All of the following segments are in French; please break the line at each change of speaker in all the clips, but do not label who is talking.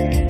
Thank you.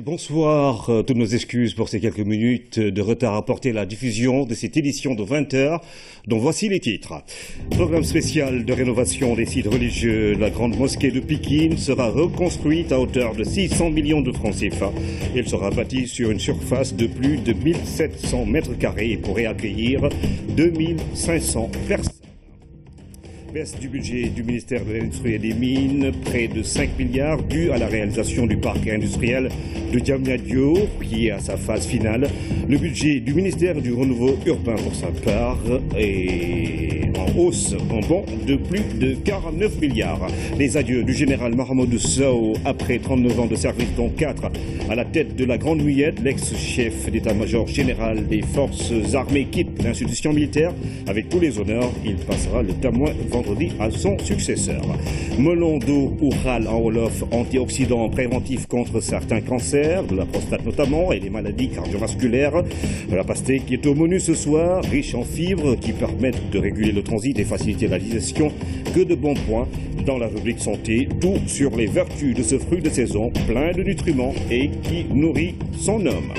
bonsoir. Euh, toutes nos excuses pour ces quelques minutes de retard à à la diffusion de cette édition de 20h, dont voici les titres. Programme spécial de rénovation des sites religieux. La grande mosquée de Pékin sera reconstruite à hauteur de 600 millions de francs CFA. Elle sera bâtie sur une surface de plus de 1700 mètres carrés et pourrait accueillir 2500 personnes. Baisse du budget du ministère de l'Industrie et des Mines, près de 5 milliards, dû à la réalisation du parc industriel de Diamniadio, qui est à sa phase finale. Le budget du ministère du Renouveau urbain, pour sa part, est en hausse, en bon de plus de 49 milliards. Les adieux du général Mahmoud Sow, après 39 ans de service, dont 4 à la tête de la Grande Mouillette, l'ex-chef d'état-major général des forces armées quitte l'institution militaire. Avec tous les honneurs, il passera le témoin vendredi à son successeur. Melon d'eau, Oural en Wolof, antioxydant préventif contre certains cancers de la prostate notamment, et des maladies cardiovasculaires. Euh, la pastèque qui est au menu ce soir, riche en fibres qui permettent de réguler le transit et faciliter la digestion, que de bons points dans la rubrique santé, tout sur les vertus de ce fruit de saison plein de nutriments et qui nourrit son homme.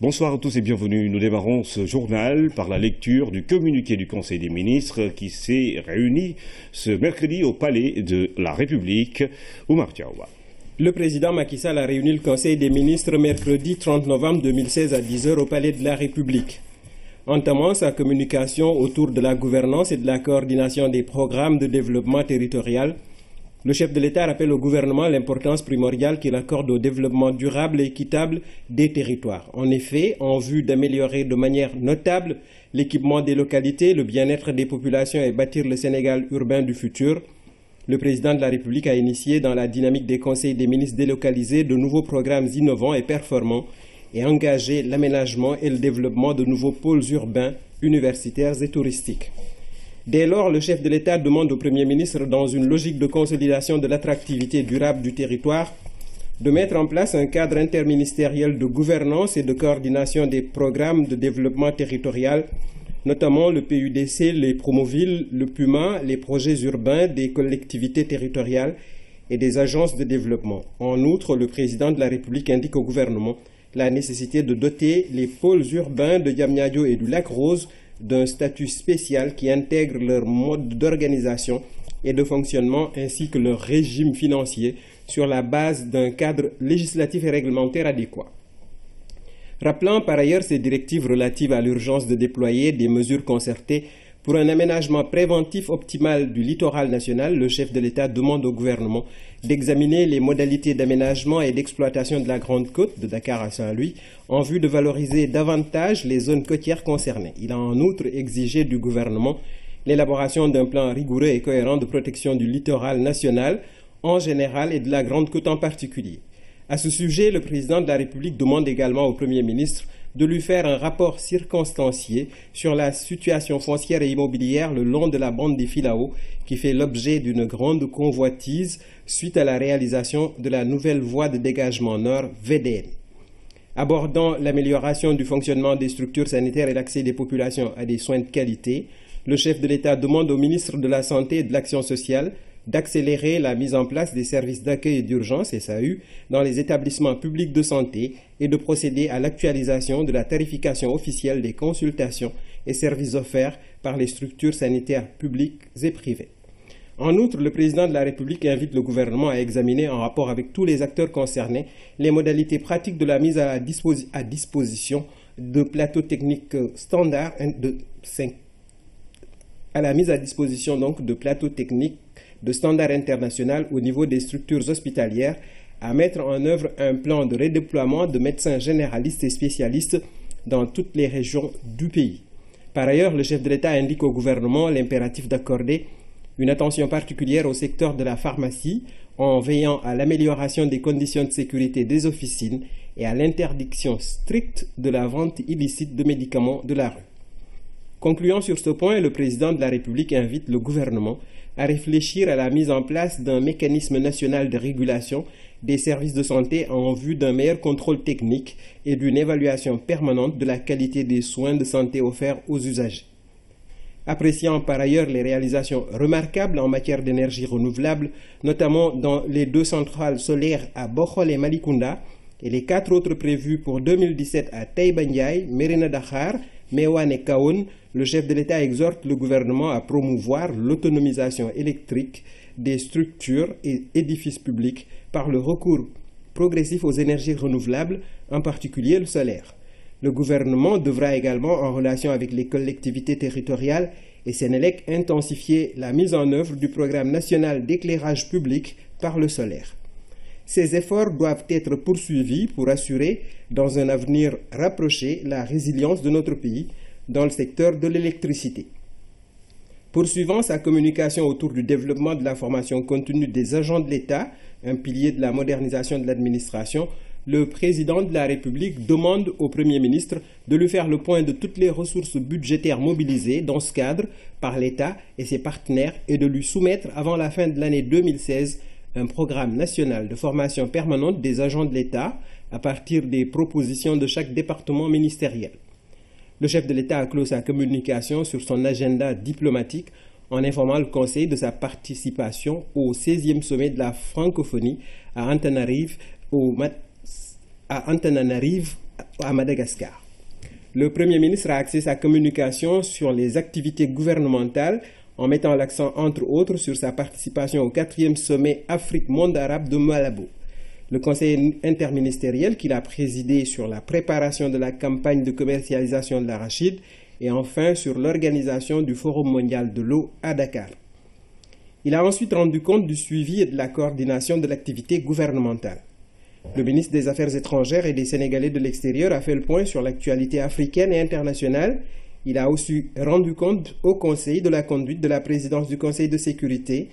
Bonsoir à tous et bienvenue. Nous démarrons ce journal par la lecture du communiqué du Conseil des ministres qui s'est réuni ce mercredi au Palais de la République, au Martiawa. Le président Macky Sall a réuni le Conseil des ministres
mercredi 30 novembre 2016 à 10h au Palais de la République. Entamant sa communication autour de la gouvernance et de la coordination des programmes de développement territorial, le chef de l'État rappelle au gouvernement l'importance primordiale qu'il accorde au développement durable et équitable des territoires. En effet, en vue d'améliorer de manière notable l'équipement des localités, le bien-être des populations et bâtir le Sénégal urbain du futur, le président de la République a initié dans la dynamique des conseils des ministres délocalisés de nouveaux programmes innovants et performants et engagé l'aménagement et le développement de nouveaux pôles urbains, universitaires et touristiques. Dès lors, le chef de l'État demande au Premier ministre, dans une logique de consolidation de l'attractivité durable du territoire, de mettre en place un cadre interministériel de gouvernance et de coordination des programmes de développement territorial notamment le PUDC, les Promovilles, le Puma, les projets urbains des collectivités territoriales et des agences de développement. En outre, le président de la République indique au gouvernement la nécessité de doter les pôles urbains de Yamniadio et du Lac Rose d'un statut spécial qui intègre leur mode d'organisation et de fonctionnement ainsi que leur régime financier sur la base d'un cadre législatif et réglementaire adéquat rappelant par ailleurs ces directives relatives à l'urgence de déployer des mesures concertées pour un aménagement préventif optimal du littoral national, le chef de l'État demande au gouvernement d'examiner les modalités d'aménagement et d'exploitation de la Grande Côte de Dakar à Saint-Louis en vue de valoriser davantage les zones côtières concernées. Il a en outre exigé du gouvernement l'élaboration d'un plan rigoureux et cohérent de protection du littoral national en général et de la Grande Côte en particulier. À ce sujet, le président de la République demande également au Premier ministre de lui faire un rapport circonstancié sur la situation foncière et immobilière le long de la bande des Filao, qui fait l'objet d'une grande convoitise suite à la réalisation de la nouvelle voie de dégagement nord VDN. Abordant l'amélioration du fonctionnement des structures sanitaires et l'accès des populations à des soins de qualité, le chef de l'État demande au ministre de la Santé et de l'Action sociale d'accélérer la mise en place des services d'accueil et d'urgence SAU dans les établissements publics de santé et de procéder à l'actualisation de la tarification officielle des consultations et services offerts par les structures sanitaires publiques et privées. En outre, le président de la République invite le gouvernement à examiner, en rapport avec tous les acteurs concernés, les modalités pratiques de la mise à, disposition de plateaux techniques standards à la mise à disposition donc de plateaux techniques de standard international au niveau des structures hospitalières à mettre en œuvre un plan de redéploiement de médecins généralistes et spécialistes dans toutes les régions du pays. Par ailleurs, le chef de l'État indique au gouvernement l'impératif d'accorder une attention particulière au secteur de la pharmacie en veillant à l'amélioration des conditions de sécurité des officines et à l'interdiction stricte de la vente illicite de médicaments de la rue. Concluant sur ce point, le président de la République invite le gouvernement à réfléchir à la mise en place d'un mécanisme national de régulation des services de santé en vue d'un meilleur contrôle technique et d'une évaluation permanente de la qualité des soins de santé offerts aux usagers. Appréciant par ailleurs les réalisations remarquables en matière d'énergie renouvelable, notamment dans les deux centrales solaires à Bohol et Malikunda, et les quatre autres prévues pour 2017 à Taïbanyai, Merina Mewan et le chef de l'État exhorte le gouvernement à promouvoir l'autonomisation électrique des structures et édifices publics par le recours progressif aux énergies renouvelables, en particulier le solaire. Le gouvernement devra également, en relation avec les collectivités territoriales et Sénélec, intensifier la mise en œuvre du programme national d'éclairage public par le solaire. Ces efforts doivent être poursuivis pour assurer, dans un avenir rapproché, la résilience de notre pays dans le secteur de l'électricité. Poursuivant sa communication autour du développement de la formation continue des agents de l'État, un pilier de la modernisation de l'administration, le président de la République demande au Premier ministre de lui faire le point de toutes les ressources budgétaires mobilisées dans ce cadre par l'État et ses partenaires et de lui soumettre avant la fin de l'année 2016 un programme national de formation permanente des agents de l'État à partir des propositions de chaque département ministériel. Le chef de l'État a clos sa communication sur son agenda diplomatique en informant le Conseil de sa participation au 16e sommet de la francophonie à Antananarive, à, Antananarive, à Madagascar. Le Premier ministre a axé sa communication sur les activités gouvernementales en mettant l'accent entre autres sur sa participation au quatrième sommet Afrique-Monde arabe de Malabo. Le conseil interministériel qu'il a présidé sur la préparation de la campagne de commercialisation de l'arachide et enfin sur l'organisation du Forum mondial de l'eau à Dakar. Il a ensuite rendu compte du suivi et de la coordination de l'activité gouvernementale. Le ministre des Affaires étrangères et des Sénégalais de l'extérieur a fait le point sur l'actualité africaine et internationale il a aussi rendu compte au Conseil de la conduite de la présidence du Conseil de sécurité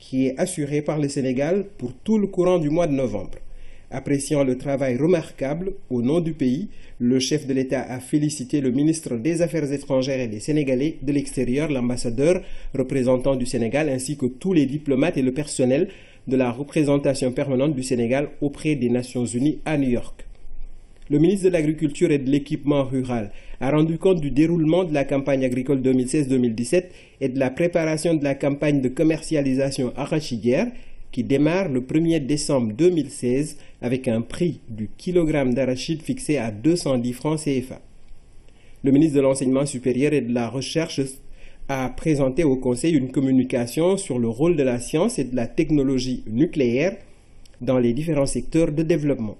qui est assurée par le Sénégal pour tout le courant du mois de novembre. Appréciant le travail remarquable au nom du pays, le chef de l'État a félicité le ministre des Affaires étrangères et des Sénégalais de l'extérieur, l'ambassadeur représentant du Sénégal, ainsi que tous les diplomates et le personnel de la représentation permanente du Sénégal auprès des Nations Unies à New York. Le ministre de l'Agriculture et de l'Équipement rural a rendu compte du déroulement de la campagne agricole 2016-2017 et de la préparation de la campagne de commercialisation arachidière qui démarre le 1er décembre 2016 avec un prix du kilogramme d'arachide fixé à 210 francs CFA. Le ministre de l'Enseignement supérieur et de la Recherche a présenté au Conseil une communication sur le rôle de la science et de la technologie nucléaire dans les différents secteurs de développement.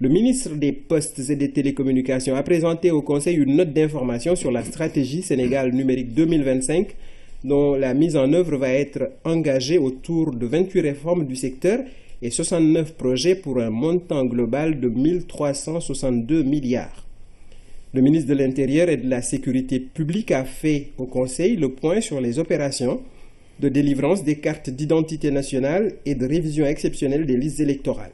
Le ministre des Postes et des Télécommunications a présenté au Conseil une note d'information sur la stratégie Sénégal numérique 2025 dont la mise en œuvre va être engagée autour de 28 réformes du secteur et 69 projets pour un montant global de 362 milliards. Le ministre de l'Intérieur et de la Sécurité publique a fait au Conseil le point sur les opérations de délivrance des cartes d'identité nationale et de révision exceptionnelle des listes électorales.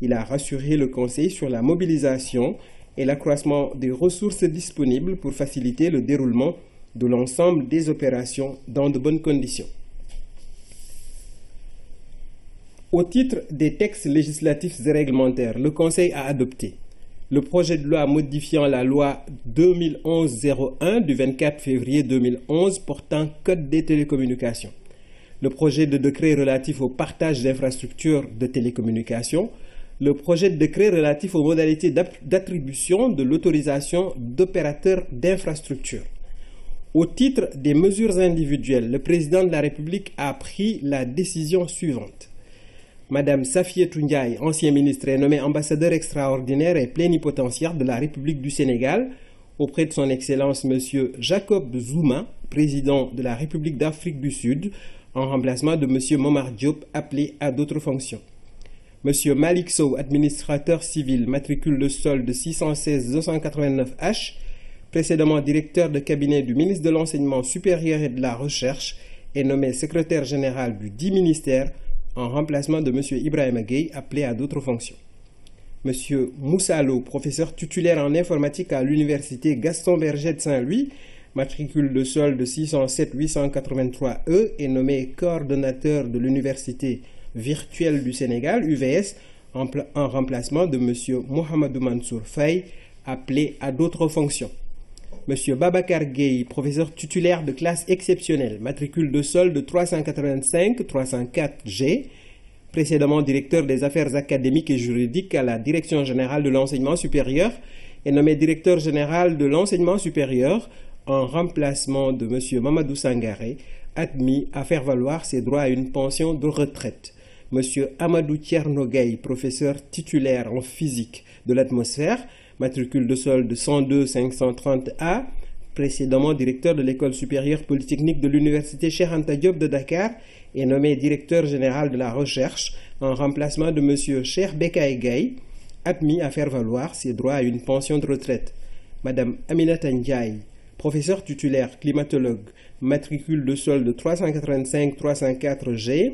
Il a rassuré le Conseil sur la mobilisation et l'accroissement des ressources disponibles pour faciliter le déroulement de l'ensemble des opérations dans de bonnes conditions. Au titre des textes législatifs et réglementaires, le Conseil a adopté le projet de loi modifiant la loi 2011-01 du 24 février 2011 portant Code des télécommunications, le projet de décret relatif au partage d'infrastructures de télécommunications, le projet de décret relatif aux modalités d'attribution de l'autorisation d'opérateurs d'infrastructures. Au titre des mesures individuelles, le président de la République a pris la décision suivante. Madame Safie Tungay, ancien ministre, est nommée ambassadeur extraordinaire et plénipotentiaire de la République du Sénégal auprès de son Excellence Monsieur Jacob Zuma, président de la République d'Afrique du Sud, en remplacement de Monsieur Momar Diop, appelé à d'autres fonctions. Monsieur Malik administrateur civil, matricule de solde 616-289H, précédemment directeur de cabinet du ministre de l'Enseignement supérieur et de la Recherche, est nommé secrétaire général du dit ministère en remplacement de M. Ibrahim Gueye, appelé à d'autres fonctions. M. Moussalo, professeur titulaire en informatique à l'université Gaston Berger de Saint-Louis, matricule de solde 607-883E, est nommé coordonnateur de l'université virtuelle du Sénégal, UVS, en, remplacement de M. Mohamedou Mansour Faye, appelé à d'autres fonctions. M. Babacar Gueye, professeur titulaire de classe exceptionnelle, matricule de solde 385-304G, précédemment directeur des affaires académiques et juridiques à la Direction générale de l'enseignement supérieur, est nommé directeur général de l'enseignement supérieur en remplacement de M. Mamadou Sangaré, admis à faire valoir ses droits à une pension de retraite. M. Amadou Tchernogueï, professeur titulaire en physique de l'atmosphère, matricule de sol de 102-530A, précédemment directeur de l'École supérieure polytechnique de l'Université Anta Diop de Dakar, et nommé directeur général de la recherche en remplacement de M. Cher Gay, admis à faire valoir ses droits à une pension de retraite. Madame Aminata Ndiaye, professeur titulaire climatologue, matricule de sol de 385-304G,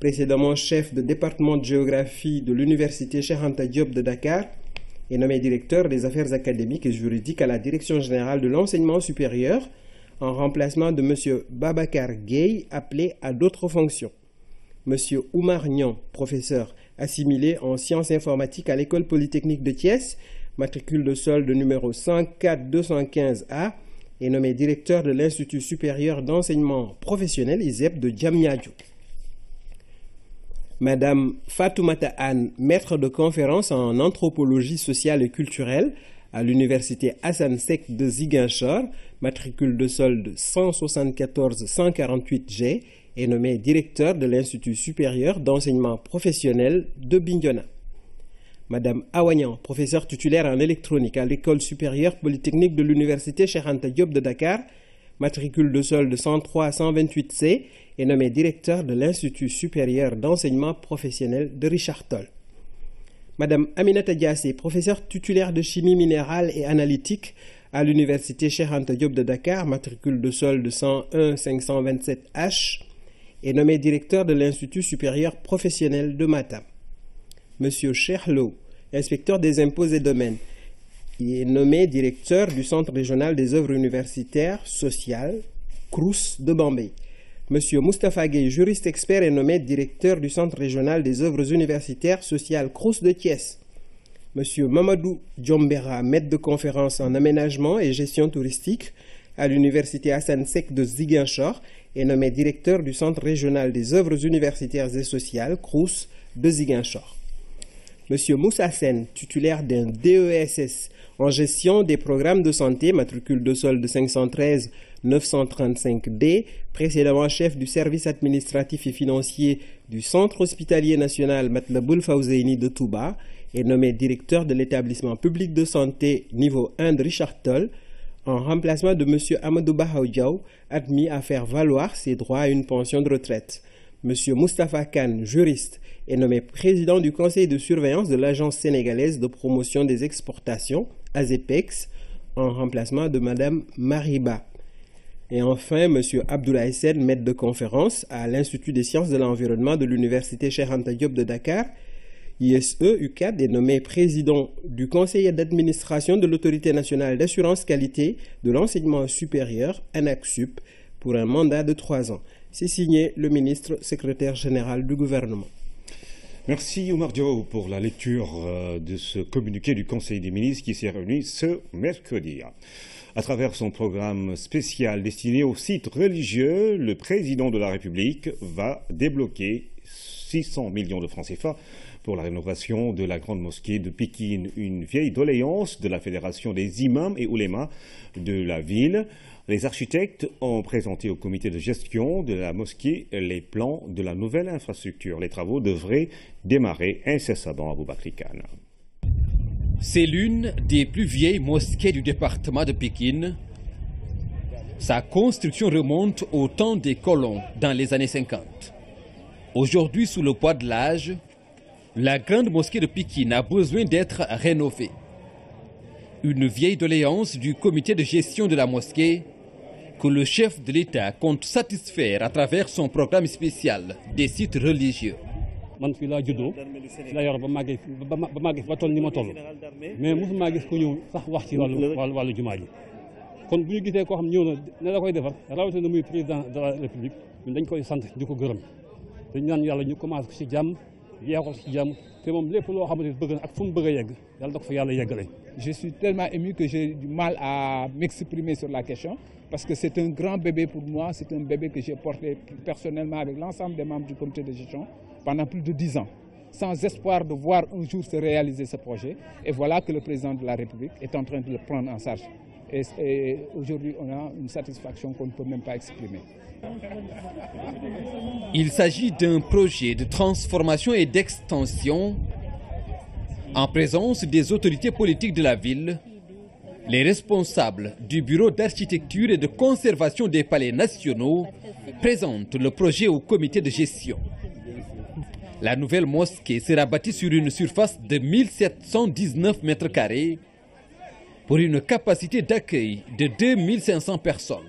précédemment chef de département de géographie de l'université Cheikh Diop de Dakar, et nommé directeur des affaires académiques et juridiques à la direction générale de l'enseignement supérieur en remplacement de M. Babacar Gay, appelé à d'autres fonctions. M. Oumar Nyan, professeur assimilé en sciences informatiques à l'école polytechnique de Thiès, matricule de solde numéro 104-215A, est nommé directeur de l'Institut supérieur d'enseignement professionnel ISEP de Djamniadjou. Madame Fatoumata Anne, maître de conférence en anthropologie sociale et culturelle à l'université Hassan Sek de Ziguinchor, matricule de solde 174-148G, est nommée directeur de l'Institut supérieur d'enseignement professionnel de Bingona. Madame Awanyan, professeure titulaire en électronique à l'École supérieure polytechnique de l'Université Anta Diop de Dakar, matricule de sol de 103 128 C, est nommé directeur de l'Institut supérieur d'enseignement professionnel de Richard Toll. Madame Aminata Diassé, professeure titulaire de chimie minérale et analytique à l'université Cheikh Anta Diop de Dakar, matricule de sol de 101 527H, est nommée directeur de l'Institut supérieur professionnel de Matam. Monsieur Cherlo, inspecteur des impôts et domaines, il est nommé directeur du Centre régional des œuvres universitaires sociales, CRUS de Bombay. Monsieur Moustapha Gay, juriste expert, est nommé directeur du Centre régional des œuvres universitaires sociales CRUS de Thiès. Monsieur Mamadou Djombera, maître de conférence en aménagement et gestion touristique à l'université Hassan Sek de Ziguinchor, est nommé directeur du Centre régional des œuvres universitaires et sociales CRUS de Ziguinchor. Monsieur Moussa Sen, titulaire d'un DESS en gestion des programmes de santé, matricule de solde 513 935D, précédemment chef du service administratif et financier du Centre hospitalier national Matlaboul Fawzeini de Touba, est nommé directeur de l'établissement public de santé niveau 1 de Richard Toll, en remplacement de M. Amadou Bahaoudiaou, admis à faire valoir ses droits à une pension de retraite. M. Mustafa Khan, juriste, est nommé président du conseil de surveillance de l'Agence sénégalaise de promotion des exportations, Azepex en remplacement de Madame Mariba. Et enfin, M. Abdoulaye Sen, maître de conférence à l'Institut des sciences de l'environnement de l'Université Anta Diop de Dakar, ISE UCAD est nommé président du conseil d'administration de l'Autorité nationale d'assurance qualité de l'enseignement supérieur, ANACSUP, pour un mandat de trois ans. C'est signé le ministre secrétaire général du gouvernement.
Merci Omar pour la lecture euh, de ce communiqué du Conseil des ministres qui s'est réuni ce mercredi. À travers son programme spécial destiné aux sites religieux, le président de la République va débloquer 600 millions de francs CFA pour la rénovation de la grande mosquée de Pékin, une vieille doléance de la Fédération des imams et oulémas de la ville. Les architectes ont présenté au comité de gestion de la mosquée les plans de la nouvelle infrastructure. Les travaux devraient démarrer incessamment à Khan. C'est l'une
des plus vieilles mosquées du département de Pékin. Sa construction remonte au temps des colons dans les années 50. Aujourd'hui, sous le poids de l'âge, la grande mosquée de Pékin a besoin d'être rénovée. Une vieille doléance du comité de gestion de la mosquée que le chef de l'État compte satisfaire à travers son programme spécial des sites religieux.
je suis tellement ému que j'ai du mal à m'exprimer sur la question parce que c'est un grand bébé pour moi, c'est un bébé que j'ai porté personnellement avec l'ensemble des membres du comité de gestion pendant plus de dix ans, sans espoir de voir un jour se réaliser ce projet. Et voilà que le président de la République est en train de le prendre en charge. Et, aujourd'hui, on a une satisfaction qu'on ne
peut même pas exprimer.
Il s'agit d'un projet de transformation et d'extension en présence des autorités politiques de la ville les responsables du Bureau d'architecture et de conservation des palais nationaux présentent le projet au comité de gestion. La nouvelle mosquée sera bâtie sur une surface de 1719 mètres carrés pour une capacité d'accueil de 2500 personnes.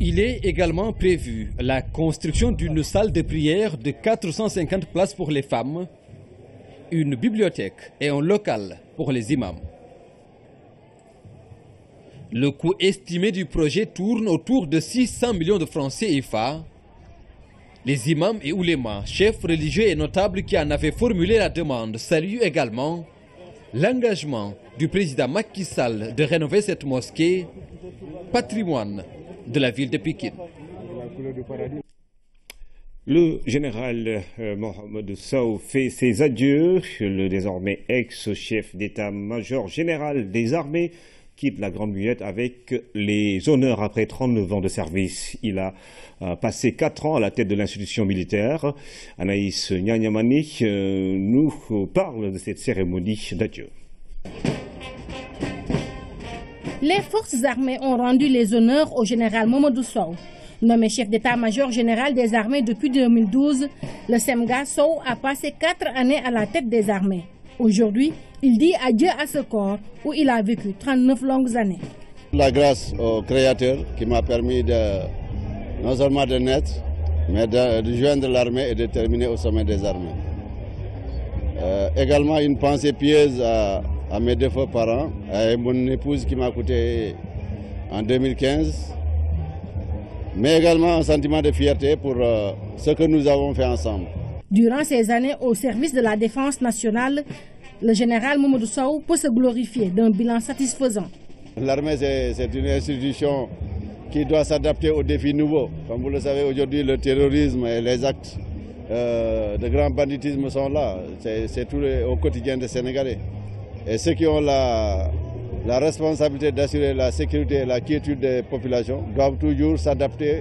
Il est également prévu la construction d'une salle de prière de 450 places pour les femmes, une bibliothèque et un local pour les imams. Le coût estimé du projet tourne autour de 600 millions de francs CFA, les imams et oulémas, chefs religieux et notables qui en avaient formulé la demande, saluent également l'engagement du président Macky Sall de rénover cette mosquée,
patrimoine
de la ville de Pékin.
Le général euh, Mohamed Sow fait ses adieux. Le désormais ex-chef d'état-major général des armées la Grande Muette avec les honneurs après 39 ans de service. Il a euh, passé 4 ans à la tête de l'institution militaire. Anaïs Nyanyamani euh, nous parle de cette cérémonie d'adieu.
Les forces armées ont rendu les honneurs au général Momodou Sow. Nommé chef d'état-major général des armées depuis 2012, le SEMGA Sow a passé 4 années à la tête des armées. Aujourd'hui, il dit adieu à ce corps où il a vécu 39 longues années.
La grâce au Créateur qui m'a permis non seulement de naître, mais de, joindre l'armée et de terminer au sommet des armées. Euh, également une pensée pieuse à, mes deux faux parents, à mon épouse qui m'a coûté en 2015, mais également un sentiment de fierté pour euh, ce que nous avons fait ensemble.
Durant ces années au service de la défense nationale, le général Mamadou Sow peut se glorifier d'un bilan satisfaisant.
L'armée, c'est une institution qui doit s'adapter aux défis nouveaux. Comme vous le savez, aujourd'hui, le terrorisme et les actes euh, de grand banditisme sont là. C'est tout au quotidien des Sénégalais. Et ceux qui ont la, la responsabilité d'assurer la sécurité et la quiétude des populations doivent toujours s'adapter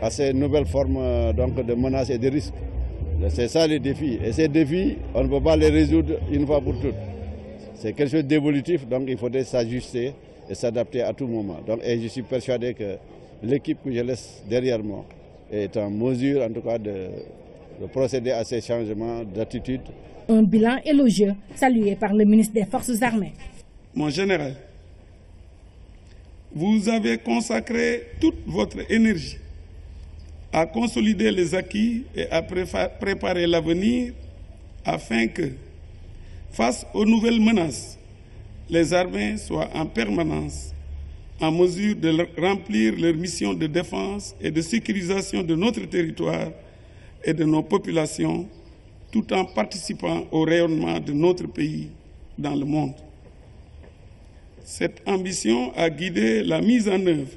à ces nouvelles formes euh, donc, de menaces et de risques. C'est ça le défi. Et ces défis, on ne peut pas les résoudre une fois pour toutes. C'est quelque chose d'évolutif, donc il faudrait s'ajuster et s'adapter à tout moment. et je suis persuadé que l'équipe que je laisse derrière moi est en mesure, en tout cas, de procéder à ces changements d'attitude.
Un bilan élogieux, salué par le ministre des Forces armées.
Mon général,
vous avez consacré toute votre énergie à consolider les acquis et à préparer l'avenir afin que, face aux nouvelles menaces, les armées soient en permanence en mesure de remplir leur mission de défense et de sécurisation de notre territoire et de nos populations, tout en participant au rayonnement de notre pays dans le monde. Cette ambition a guidé la mise en œuvre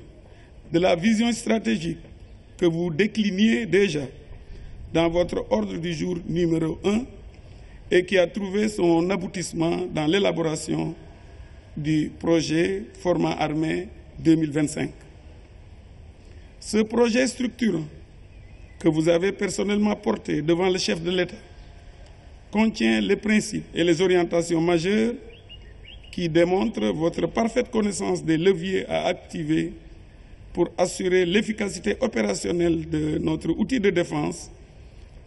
de la vision stratégique que vous décliniez déjà dans votre ordre du jour numéro 1 et qui a trouvé son aboutissement dans l'élaboration du projet Format Armée 2025. Ce projet structurant que vous avez personnellement porté devant le chef de l'État contient les principes et les orientations majeures qui démontrent votre parfaite connaissance des leviers à activer pour assurer l'efficacité opérationnelle de notre outil de défense,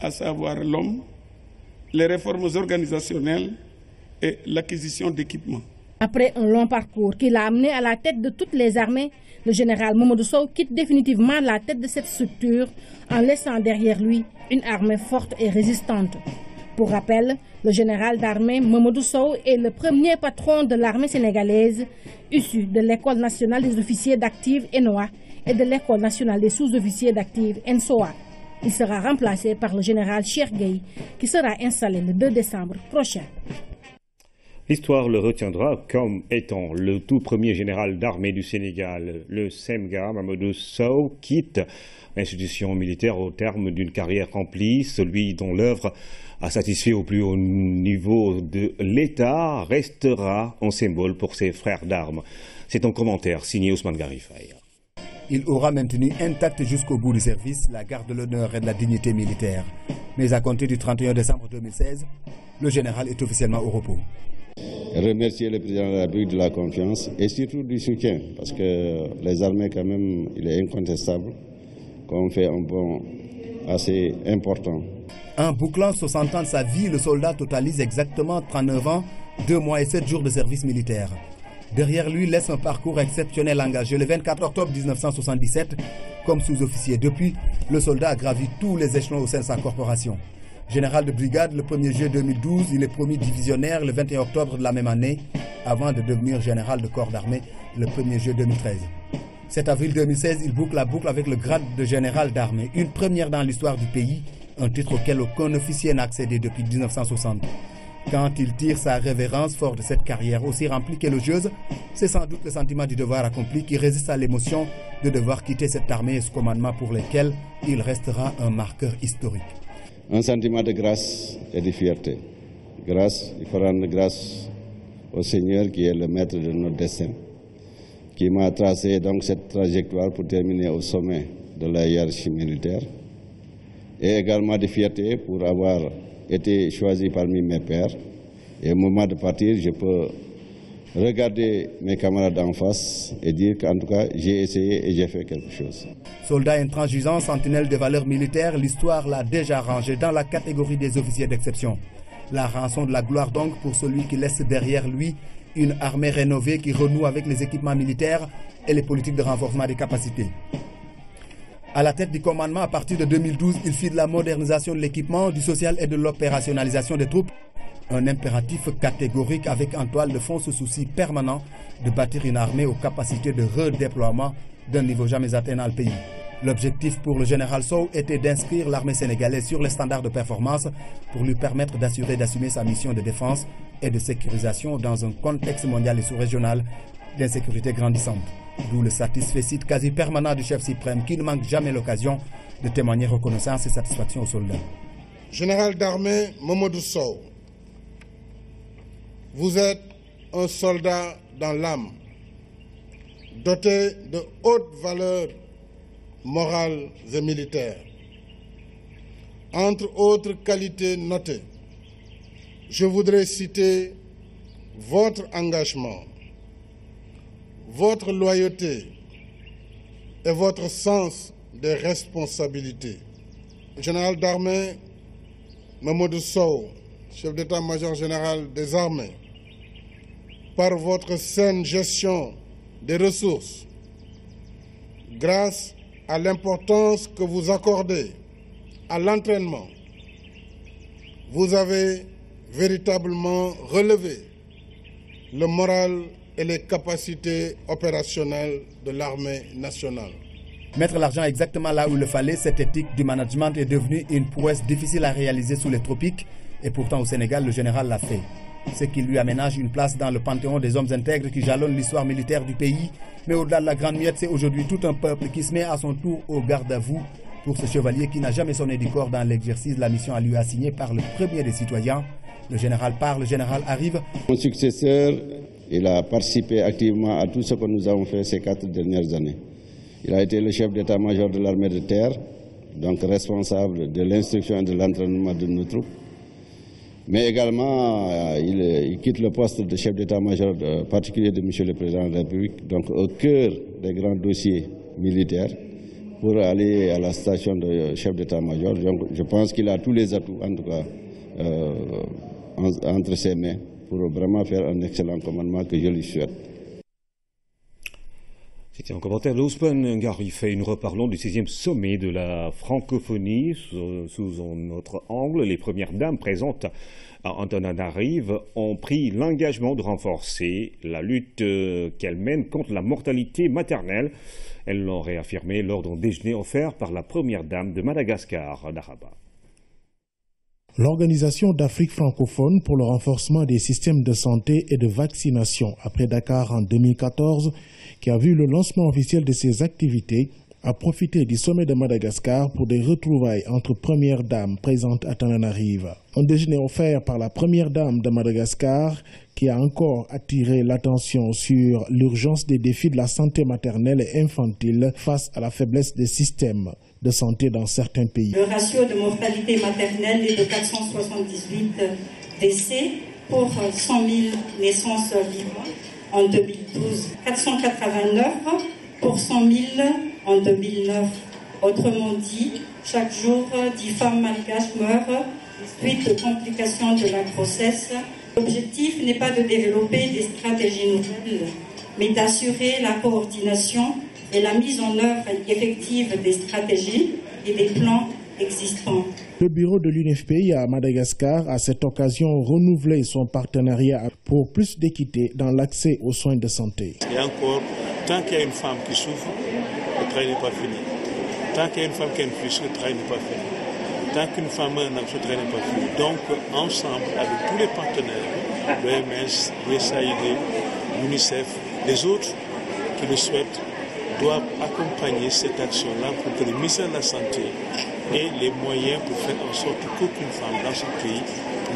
à savoir l'homme, les réformes organisationnelles et l'acquisition d'équipements.
Après un long parcours qui l'a amené à la tête de toutes les armées, le général Mamadou Sow quitte définitivement la tête de cette structure en laissant derrière lui une armée forte et résistante. Pour rappel, le général d'armée Mamadou Sow est le premier patron de l'armée sénégalaise, issu de l'École nationale des officiers d'active ENOA et de l'École nationale des sous-officiers d'active ENSOA. Il sera remplacé par le général Cherguey qui sera installé le 2 décembre prochain.
L'histoire le retiendra comme étant le tout premier général d'armée du Sénégal, le SEMGA, Mamadou Sow, quitte l'institution militaire au terme d'une carrière remplie, celui dont l'œuvre à satisfaire au plus haut niveau de l'État restera un symbole pour ses frères d'armes. C'est un commentaire signé Ousmane Garifay.
Il aura maintenu intact jusqu'au bout du service la garde de l'honneur et de la dignité militaire. Mais à compter du 31 décembre 2016, le général est officiellement au repos.
Remercier le président de la République de la confiance et surtout du soutien, parce que les armées, quand même, il est incontestable qu'on fait un bon assez ah, important.
En bouclant 60 ans de sa vie, le soldat totalise exactement 39 ans, 2 mois et 7 jours de service militaire. Derrière lui laisse un parcours exceptionnel engagé. Le 24 octobre 1977, comme sous-officier depuis, le soldat a gravi tous les échelons au sein de sa corporation. Général de brigade le 1er juillet 2012, il est promu divisionnaire le 21 octobre de la même année, avant de devenir général de corps d'armée le 1er juillet 2013. Cet avril 2016, il boucle la boucle avec le grade de général d'armée, une première dans l'histoire du pays, un titre auquel aucun officier n'a accédé depuis 1960. Quand il tire sa révérence fort de cette carrière aussi remplie qu'élogieuse, c'est sans doute le sentiment du devoir accompli qui résiste à l'émotion de devoir quitter cette armée et ce commandement pour lesquels il restera un marqueur historique.
Un sentiment de grâce et de fierté. Grâce, il faut rendre grâce au Seigneur qui est le maître de notre destins qui m'a tracé donc cette trajectoire pour terminer au sommet de la hiérarchie militaire et également de fierté pour avoir été choisi parmi mes pères. Et au moment de partir, je peux regarder mes camarades en face et dire qu'en tout cas, j'ai essayé et j'ai fait quelque chose.
Soldat intransigeant, sentinelle de valeurs militaires, l'histoire l'a déjà rangé dans la catégorie des officiers d'exception. La rançon de la gloire donc pour celui qui laisse derrière lui une armée rénovée qui renoue avec les équipements militaires et les politiques de renforcement des capacités. À la tête du commandement, à partir de 2012, il fit de la modernisation de l'équipement, du social et de l'opérationnalisation des troupes un impératif catégorique avec en toile de fond ce souci permanent de bâtir une armée aux capacités de redéploiement d'un niveau jamais atteint dans le pays. L'objectif pour le général Sow était d'inscrire l'armée sénégalaise sur les standards de performance pour lui permettre d'assurer d'assumer sa mission de défense et de sécurisation dans un contexte mondial et sous-régional d'insécurité grandissante. D'où le satisfait quasi permanent du chef suprême qui ne manque jamais l'occasion de témoigner reconnaissance et satisfaction aux soldats. Général d'armée Momodou Sow,
vous êtes un soldat dans l'âme, doté de hautes valeurs morales et militaires. Entre autres qualités notées, je voudrais citer votre engagement, votre loyauté et votre sens des responsabilités. Général d'armée Mamadou Sow, chef d'état-major général des armées, par votre saine gestion des ressources, grâce à l'importance que vous accordez à l'entraînement, vous avez véritablement relever le moral et les capacités opérationnelles de
l'armée nationale. Mettre l'argent exactement là où il le fallait, cette éthique du management est devenue une prouesse difficile à réaliser sous les tropiques. Et pourtant, au Sénégal, le général l'a fait. Ce qui lui aménage une place dans le panthéon des hommes intègres qui jalonnent l'histoire militaire du pays. Mais au-delà de la grande miette, c'est aujourd'hui tout un peuple qui se met à son tour au garde à vous pour ce chevalier qui n'a jamais sonné du corps dans l'exercice de la mission à lui assignée par le premier des citoyens. Le général parle, le général arrive.
Mon successeur, il a participé activement à tout ce que nous avons fait ces quatre dernières années. Il a été le chef d'état-major de l'armée de terre, donc responsable de l'instruction et de l'entraînement de nos troupes. Mais également, euh, euh, il, quitte le poste de chef d'état-major euh, particulier de M. le Président de la République, donc au cœur des grands dossiers militaires pour aller à la station de chef d'état-major. Je pense qu'il a tous les atouts, en tout cas, entre ses mains pour vraiment faire un excellent commandement que je lui souhaite. C'était un
commentaire de Ousmane Nous reparlons du sixième e sommet de la francophonie sous, notre angle. Les premières dames présentes à Antananarive ont pris l'engagement de renforcer la lutte euh, qu'elles mènent contre la mortalité maternelle. Elles l'ont réaffirmé lors d'un déjeuner offert par la première dame de Madagascar, Daraba.
L'Organisation d'Afrique francophone pour le renforcement des systèmes de santé et de vaccination après Dakar en 2014, qui a vu le lancement officiel de ses activités, a profité du sommet de Madagascar pour des retrouvailles entre premières dames présentes à Tananarive. Un déjeuner offert par la première dame de Madagascar qui a encore attiré l'attention sur l'urgence des défis de la santé maternelle et infantile face à la faiblesse des systèmes de santé dans certains pays. Le
ratio de mortalité maternelle est de 478 décès pour 100 000 naissances vivantes en 2012, 489 pour 100 000 en 2009. Autrement dit, chaque jour, 10 femmes malgaches meurent suite aux complications de la grossesse L'objectif n'est pas de développer des stratégies nouvelles, mais d'assurer la coordination et la mise en œuvre effective des stratégies et des plans existants.
Le bureau de l'UNFPI à Madagascar a cette occasion renouvelé son partenariat pour plus d'équité dans l'accès aux soins de santé.
Et encore, tant qu'il y a une femme qui souffre, le travail n'est pas fini. Tant qu'il y a une femme qui a une le travail n'est pas fini tant qu'une femme pas Donc, ensemble, avec tous les partenaires, l'OMS, l'USAID, l'UNICEF, les autres qui le souhaitent, doivent accompagner cette action-là pour que le ministère de la Santé ait les moyens pour faire en sorte qu'aucune femme dans ce pays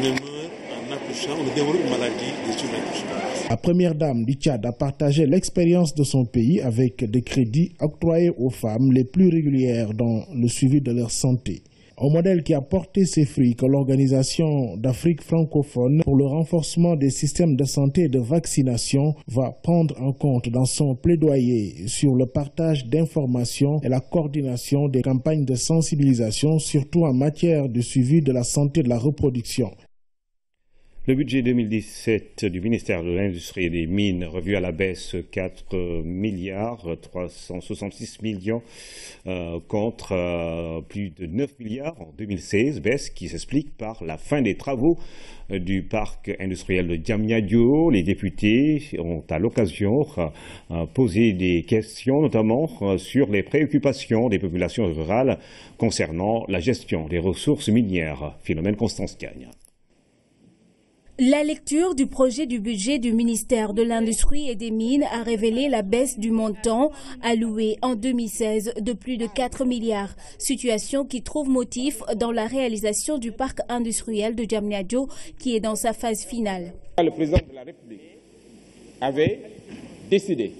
ne meure en accouchant ou ne développe une maladie des l'accouchement.
La première dame du Tchad a partagé l'expérience de son pays avec des crédits octroyés aux femmes les plus régulières dans le suivi de leur santé un modèle qui a porté ses fruits que l'Organisation d'Afrique francophone pour le renforcement des systèmes de santé et de vaccination va prendre en compte dans son plaidoyer sur le partage d'informations et la coordination des campagnes de sensibilisation, surtout en matière de suivi de la santé de la reproduction.
Le budget 2017 du ministère de l'Industrie et des Mines revu à la baisse 4 milliards 366 millions euh, contre euh, plus de 9 milliards en 2016, baisse qui s'explique par la fin des travaux euh, du parc industriel de Diamniadio. Les députés ont à l'occasion posé des questions notamment sur les préoccupations des populations rurales concernant la gestion des ressources minières, phénomène Constance Gagne.
La lecture du projet du budget du ministère de l'Industrie et des Mines a révélé la baisse du montant alloué en 2016 de plus de 4 milliards, situation qui trouve motif dans la réalisation du parc industriel de Djamniadjo qui est dans sa phase finale.
Le président
de la République avait décidé,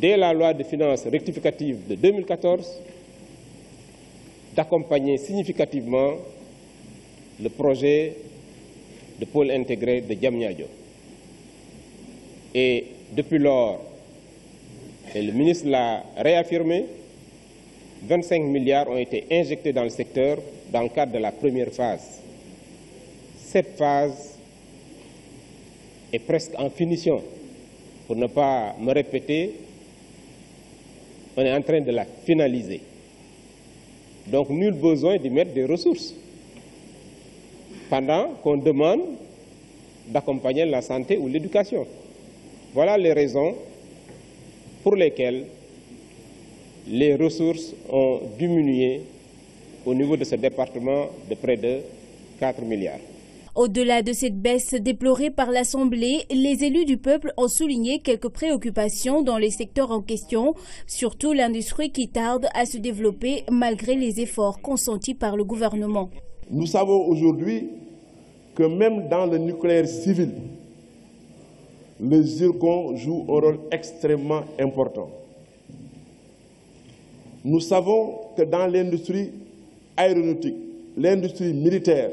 dès la loi de finances rectificative de 2014, d'accompagner significativement le projet de pôle intégré de Djamniadjo. Et depuis lors, et le ministre l'a réaffirmé, 25 milliards ont été injectés dans le secteur dans le cadre de la première phase. Cette phase est presque en finition. Pour ne pas me répéter, on est en train de la finaliser. Donc, nul besoin d'y mettre des ressources pendant qu'on demande d'accompagner la santé ou l'éducation. Voilà les raisons pour lesquelles les ressources ont diminué au niveau de ce département de près de 4 milliards.
Au-delà de cette baisse déplorée par l'Assemblée, les élus du peuple ont souligné quelques préoccupations dans les secteurs en question, surtout l'industrie qui tarde à se développer malgré les efforts consentis par le gouvernement.
Nous savons aujourd'hui que même dans le nucléaire civil, le zircon joue un rôle extrêmement important. Nous savons que dans l'industrie aéronautique, l'industrie militaire,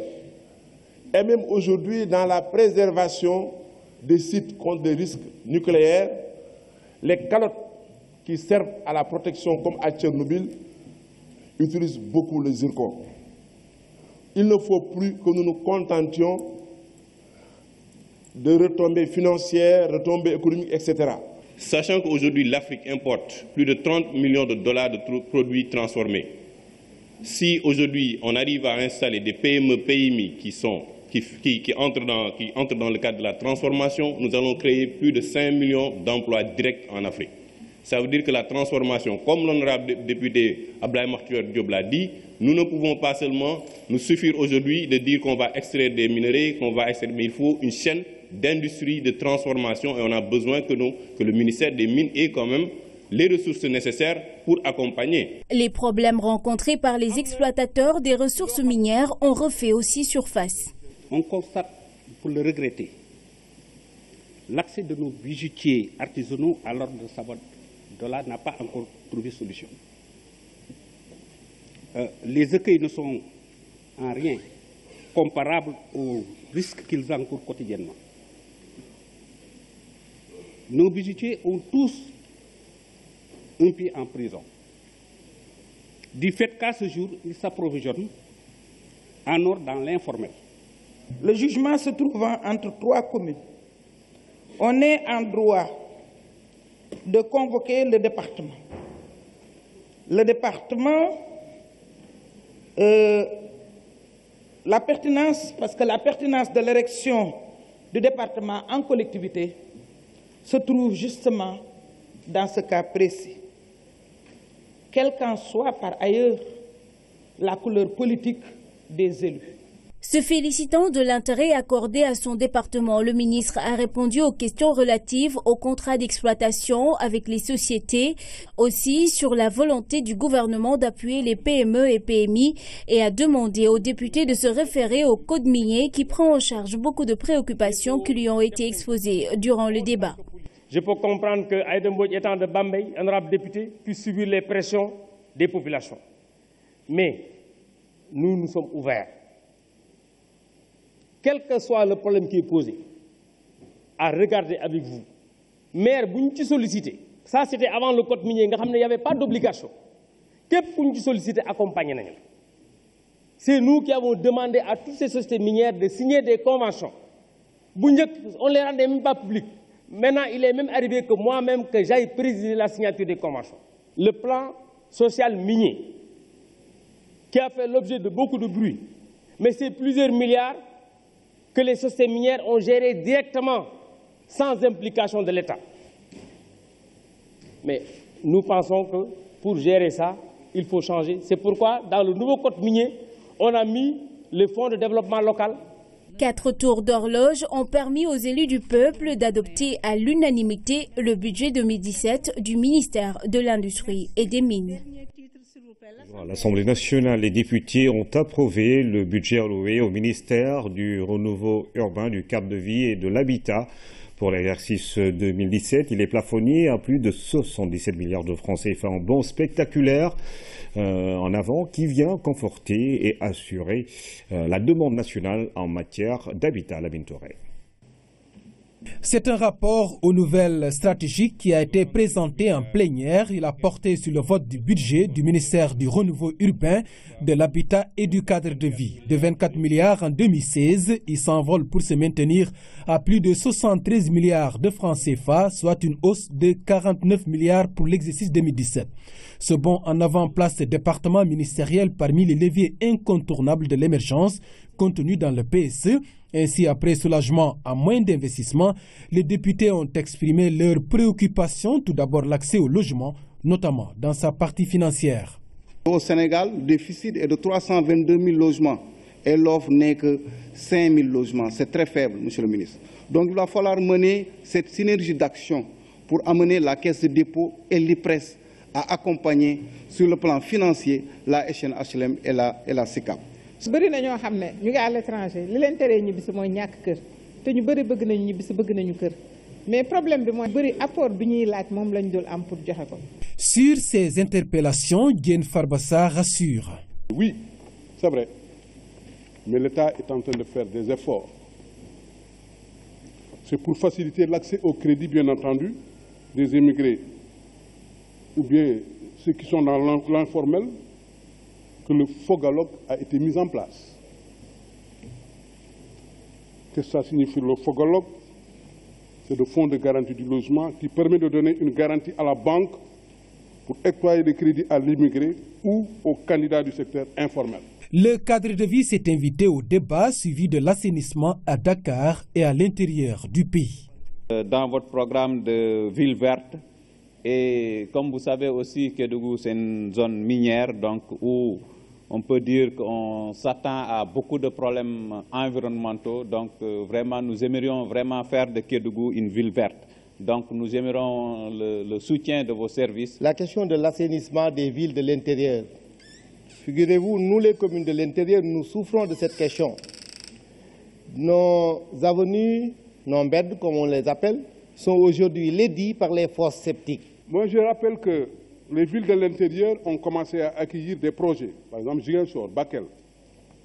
et même aujourd'hui dans la préservation des sites contre les risques nucléaires, les calottes qui servent à la protection comme à Tchernobyl utilisent beaucoup le zircon. Il ne faut plus que nous nous contentions de retombées financières, retombées économiques, etc.
Sachant qu'aujourd'hui l'Afrique importe plus de 30 millions de dollars de produits transformés, si aujourd'hui on arrive à installer des PME, PMI qui, entrent dans, qui entrent dans le cadre de la transformation, nous allons créer plus de 5 millions d'emplois directs en Afrique. Ça veut dire que la transformation, comme l'honorable député Ablaï Martueur Diop a dit, nous ne pouvons pas seulement nous suffire aujourd'hui de dire qu'on va extraire des minerais, qu'on va extraire, mais il faut une chaîne d'industrie, de transformation, et on a besoin que, le ministère des Mines ait quand même les ressources nécessaires pour accompagner.
Les problèmes rencontrés par les exploitateurs des ressources minières ont refait aussi surface.
On constate, pour le regretter, l'accès de nos bijoutiers artisanaux à l'ordre de savoir là n'a pas encore trouvé solution. Euh, les écueils ne sont en rien comparables aux risques qu'ils encourent quotidiennement. Nos budgets ont tous un pied en prison. Du fait qu'à ce jour, ils s'approvisionnent
en or dans l'informel. Le jugement se trouve entre trois communes, on est en droit de convoquer le département. Le département, euh, la pertinence, parce que la pertinence de l'érection du département en collectivité se trouve justement dans ce cas précis. quel qu'en soit par ailleurs la couleur politique des élus.
Se félicitant de l'intérêt accordé à son département, le ministre a répondu aux questions relatives aux contrats d'exploitation avec les sociétés, aussi sur la volonté du gouvernement d'appuyer les PME et PMI et a demandé aux députés de se référer au code minier qui prend en charge beaucoup de préoccupations qui lui ont été exposées durant le débat.
Je peux comprendre que étant de Bambay, un rap député, puisse subir les pressions des populations. Mais nous, nous sommes ouverts quel que soit le problème qui est posé, à regarder avec vous. Maire, vous nous sollicitez. Ça, c'était avant le code minier. Il n'y avait pas d'obligation. que nous sollicitez accompagner C'est nous qui avons demandé à toutes ces sociétés minières de signer des conventions. On ne les rendait même pas publics. Maintenant, il est même arrivé que moi-même, que j'aille présider la signature des conventions. Le plan social minier, qui a fait l'objet de beaucoup de bruit, mais c'est plusieurs milliards que les sociétés minières ont géré directement, sans implication de l'État. Mais nous pensons que pour gérer ça, il faut changer. C'est pourquoi, dans le nouveau code minier, on a mis le fonds de développement local.
Quatre tours d'horloge ont permis aux élus du peuple d'adopter à l'unanimité le budget 2017 du ministère de l'Industrie et des Mines
l'Assemblée nationale, les députés ont approuvé le budget alloué au ministère du Renouveau urbain, du cadre de vie et de l'habitat. Pour l'exercice 2017, il est plafonné à plus de 77 milliards de francs fait un bon spectaculaire euh, en avant qui vient conforter et assurer euh, la demande nationale en matière d'habitat à la
c'est un rapport aux nouvelles stratégies qui a été présenté en plénière. Il a porté sur le vote du budget du ministère du Renouveau urbain, de l'habitat et du cadre de vie. De 24 milliards en 2016, il s'envole pour se maintenir à plus de 73 milliards de francs CFA, soit une hausse de 49 milliards pour l'exercice 2017. Ce bond en avant place le département ministériel parmi les leviers incontournables de l'émergence Contenu dans le PSE. Ainsi, après soulagement à moins d'investissement, les députés ont exprimé leurs préoccupations, tout d'abord l'accès au logement, notamment dans sa partie financière.
Au Sénégal, le déficit est de 322 000 logements et l'offre n'est que 5 000 logements. C'est très faible, Monsieur le ministre. Donc il va falloir mener cette synergie d'action pour amener la Caisse de dépôt et l'IPRES à accompagner sur le plan financier la SNHLM et la, et
su bëri na ñoo xam ne ñu ngi à l'étranger li leen teree ñibbisi mooy ñàkk kër te ñu bëri bëgg nañu kër mais problème bi mooy bëri apport bi ñuy laaj moom lañ dul am pour ko.
Sur ces interpellations, Diène Farbassa rassure. Oui, c'est vrai.
Mais l'État est en train de faire des efforts. C'est pour faciliter l'accès au crédit, bien entendu, des immigrés ou bien ceux qui sont dans l'informel que le FOGALOG a été mis en place. Qu'est-ce que ça signifie le FOGALOG C'est le fonds de garantie du logement qui permet de donner une garantie à la banque pour octroyer des crédits à l'immigré ou aux candidats du secteur informel.
Le cadre de vie s'est invité au débat suivi de l'assainissement à Dakar et à l'intérieur du pays.
Euh, dans votre programme de ville verte, et comme vous savez aussi, Kédougou, c'est une zone minière, donc où on peut dire qu'on s'attend à beaucoup de problèmes environnementaux. Donc, euh, vraiment, nous aimerions vraiment faire de Kédougou une ville verte. Donc, nous aimerons le, soutien de vos services.
La question
de l'assainissement des villes de l'intérieur. Figurez-vous, nous, les communes de l'intérieur, nous souffrons de cette question. Nos avenues, nos beds,
comme on les appelle, sont aujourd'hui laidies par les forces sceptiques. Moi, je rappelle que les villes de l'intérieur ont commencé à accueillir des projets. Par exemple, Gigelchor, Bakel.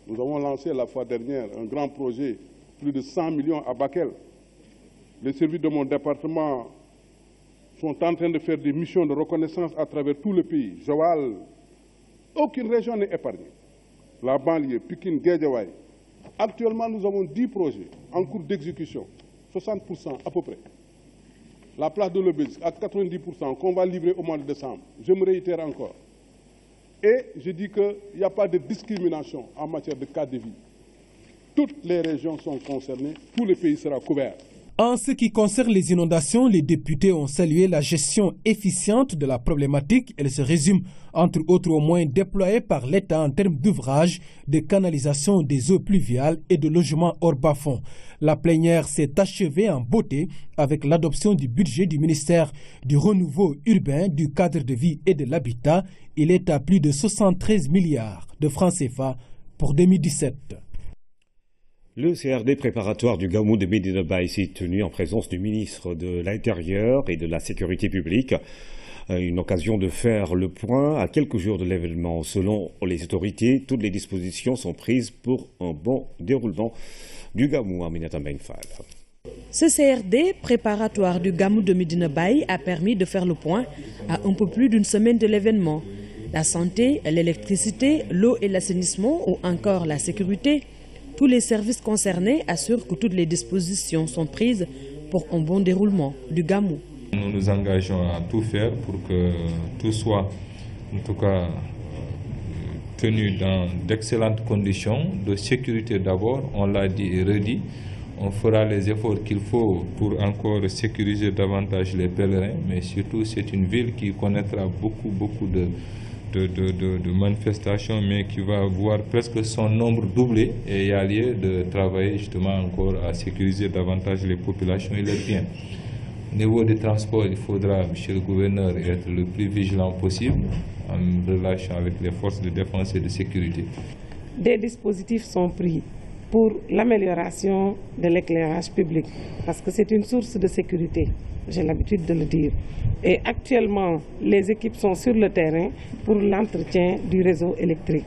Nous avons lancé la fois dernière un grand projet, plus de 100 millions à Bakel. Les services de mon département sont en train de faire des missions de reconnaissance à travers tout le pays. Joal, aucune région n'est épargnée. La banlieue, Pikine, Guédiawaï. Actuellement, nous avons 10 projets en cours d'exécution, 60% à peu près la place de l'obésité à 90% qu'on va livrer au mois de décembre. Je me réitère encore. Et je dis qu'il n'y a pas de discrimination en matière de cas de vie. Toutes les régions sont concernées, tout le pays sera couvert.
En ce qui concerne les inondations, les députés ont salué la gestion efficiente de la problématique. Elle se résume, entre autres au moins déployés par l'État en termes d'ouvrage, de canalisation des eaux pluviales et de logements hors bas La plénière s'est achevée en beauté avec l'adoption du budget du ministère du Renouveau urbain, du cadre de vie et de l'habitat. Il est à plus de 73 milliards de francs CFA pour 2017.
Le CRD préparatoire du Gamou de Medina Bay s'est tenu en présence du ministre de l'Intérieur et de la Sécurité publique. Euh, une occasion de faire le point à quelques jours de l'événement. Selon les autorités, toutes les dispositions sont prises pour un bon déroulement du Gamou à Bay.
ce CRD préparatoire du Gamou de Medina Bay a permis de faire le point à un peu plus d'une semaine de l'événement. La santé, l'électricité, l'eau et l'assainissement ou encore la sécurité tous les services concernés assurent que toutes les dispositions sont prises pour un bon déroulement du GAMU.
Nous nous engageons à tout faire pour que tout soit, en tout cas, euh, tenu dans d'excellentes conditions, de sécurité d'abord, on l'a dit et redit. On fera les efforts qu'il faut pour encore sécuriser davantage les pèlerins, mais surtout c'est une ville qui connaîtra beaucoup, beaucoup de, de, de, manifestations, mais qui va voir presque son nombre doublé et il y a lieu de travailler justement encore à sécuriser davantage les populations et les biens. Au niveau des transports, il faudra, monsieur le gouverneur, être le plus vigilant possible en relation avec les forces de défense et de sécurité.
Des dispositifs sont pris pour l'amélioration de l'éclairage public, parce que c'est une source de sécurité j'ai l'habitude de le dire. Et actuellement, les équipes sont sur le terrain pour l'entretien du réseau électrique.